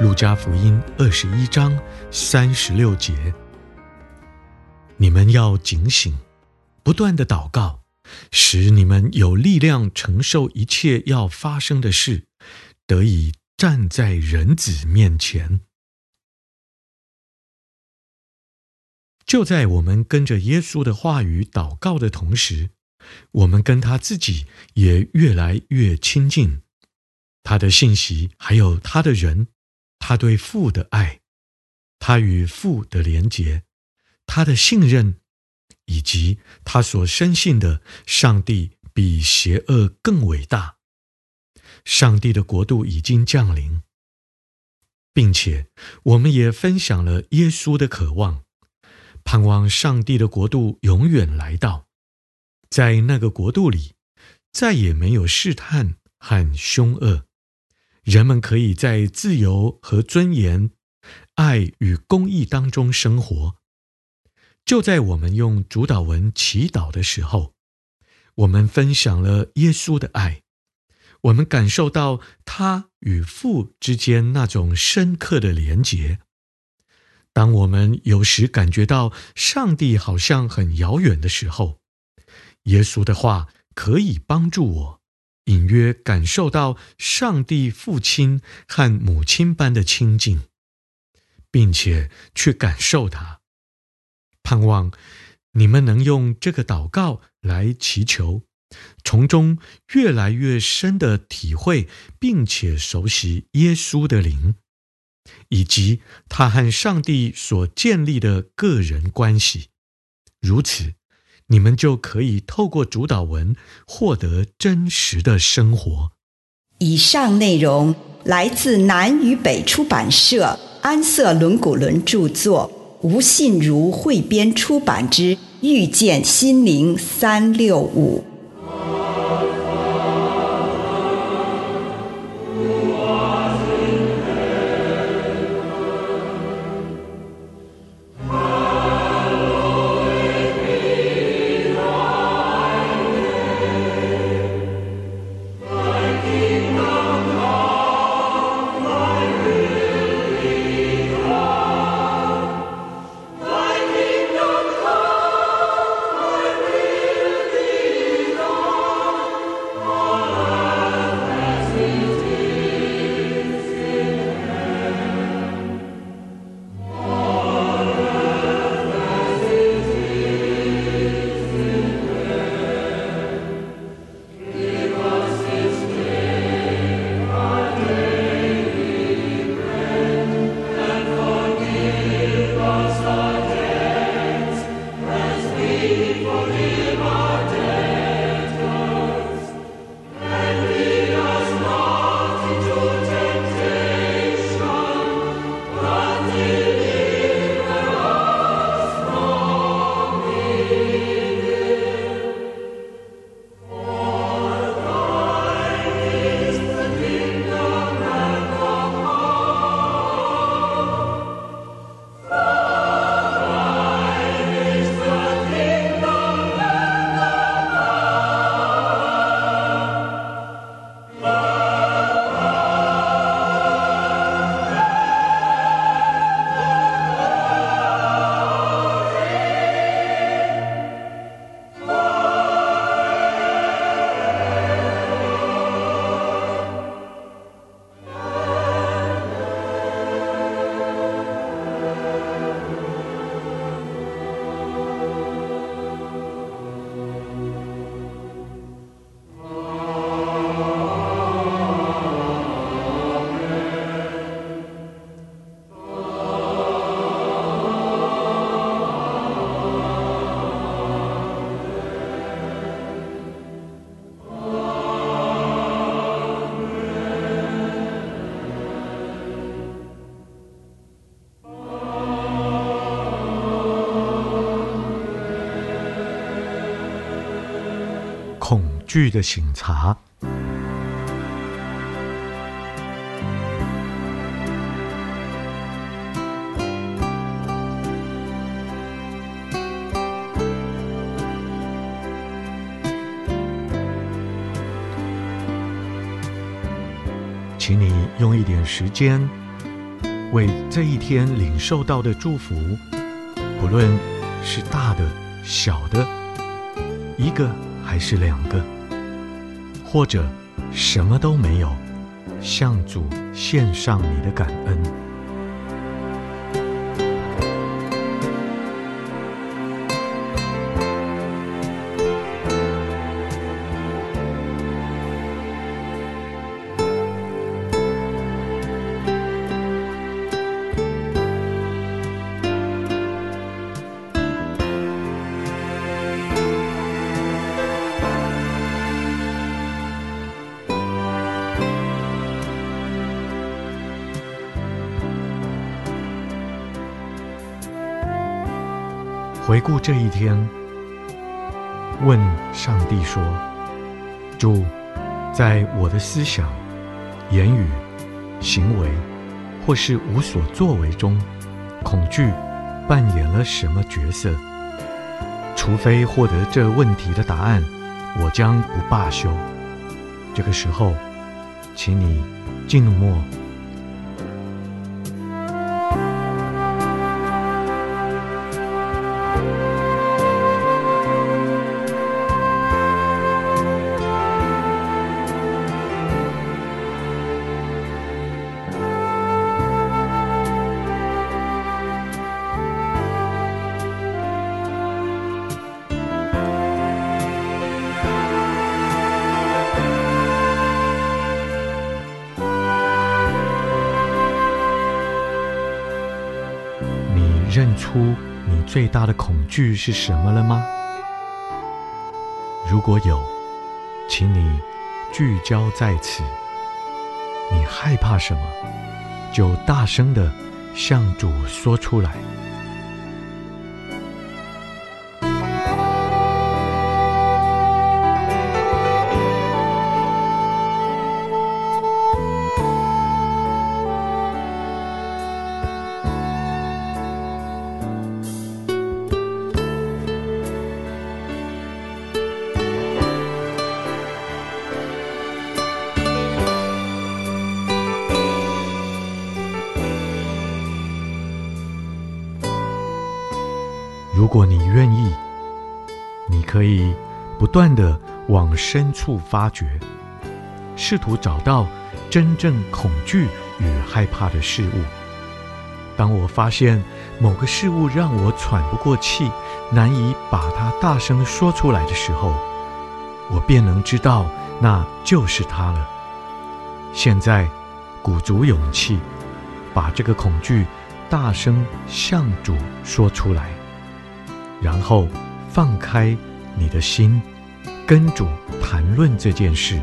路加福音二十一章三十六節：你們要警醒，不斷的禱告，使你們有力量承受一切要發生的事，得以站在人子面前。就在我們跟着耶穌的話語禱告的同時，我們跟他自己也越來越親近，他的信息，還有他的人。他對父的愛，他與父的連結，他的信任，以及他所深信的上帝比邪惡更偉大。上帝的國度已經降臨，並且我們也分享了耶穌的渴望，盼望上帝的國度永遠來到。在那個國度裡，再也沒有試探和凶惡。人們可以在自由和尊嚴、愛與公義當中生活。就在我們用主禱文祈禱的時候，我們分享了耶穌的愛，我們感受到他與父之間那種深刻的連結。當我們有時感覺到上帝好像很遙遠的時候，耶穌的話可以幫助我。隱約感受到上帝父親和母親般的親近，並且去感受他。盼望你們能用這個禱告來祈求，從中越來越深地體會並且熟悉耶穌的靈，以及他和上帝所建立的個人關係。如此。你們就可以透過主禱文獲得真實的生活。以上內容來自南與北出版社安瑟倫古倫著作，吳信如彙編出版之《遇見心靈三六五》。劇的省察，請你用一點時間，為這一天領受到的祝福，不論是大的、小的，一個還是兩個。或者什麼都沒有，向主獻上你的感恩。回顧這一天，問上帝說：“主，在我的思想、言語、行為，或是無所作為中，恐懼扮演了什麼角色？除非獲得這問題的答案，我將不罷休。”這個時候，請你靜默。出你最大的恐懼是什麼了嗎？如果有，請你聚焦在此，你害怕什麼，就大聲地向主說出來。如果你願意，你可以不斷地往深處發掘，試圖找到真正恐懼與害怕的事物。當我發現某個事物讓我喘不過氣，難以把它大聲說出來的時候，我便能知道那就是它了。現在，鼓足勇氣，把這個恐懼大聲向主說出來。然後，放開你的心，跟主談論這件事。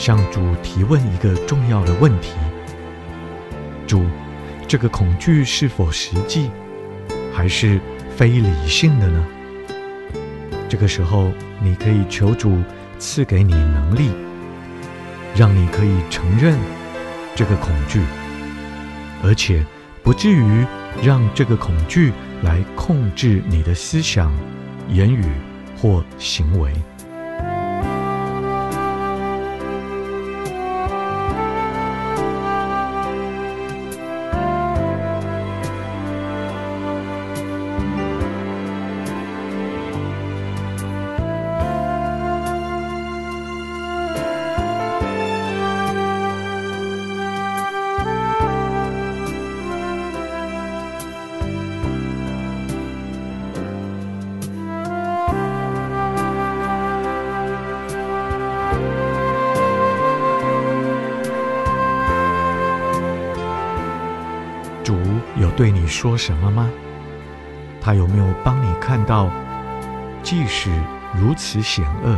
向主提問一個重要的問題：主，這個恐懼是否實際，還是非理性的呢？這個時候，你可以求主賜給你能力，讓你可以承認這個恐懼，而且不至於讓這個恐懼來控制你的思想、言語或行為。對你說什麼嗎？他有沒有幫你看到，即使如此險惡，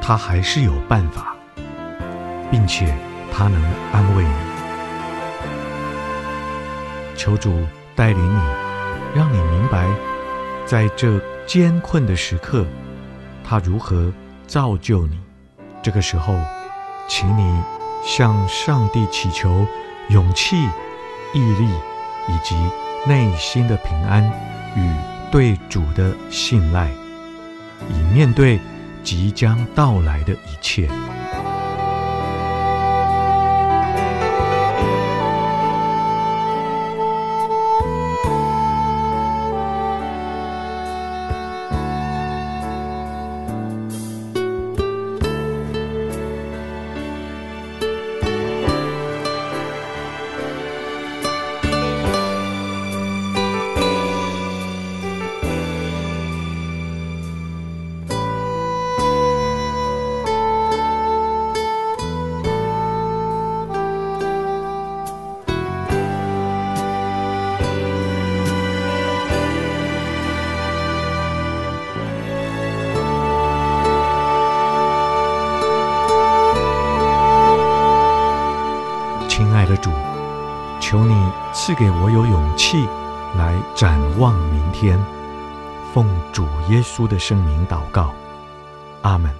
他還是有辦法，並且他能安慰你。求主帶領你，讓你明白，在這艱困的時刻，他如何造就你。這個時候，請你向上帝祈求勇氣。毅力、以及內心的平安與對主的信賴，以面對即將到來的一切。求你賜給我有勇氣來展望明天，奉主耶穌的聖名禱告，阿門。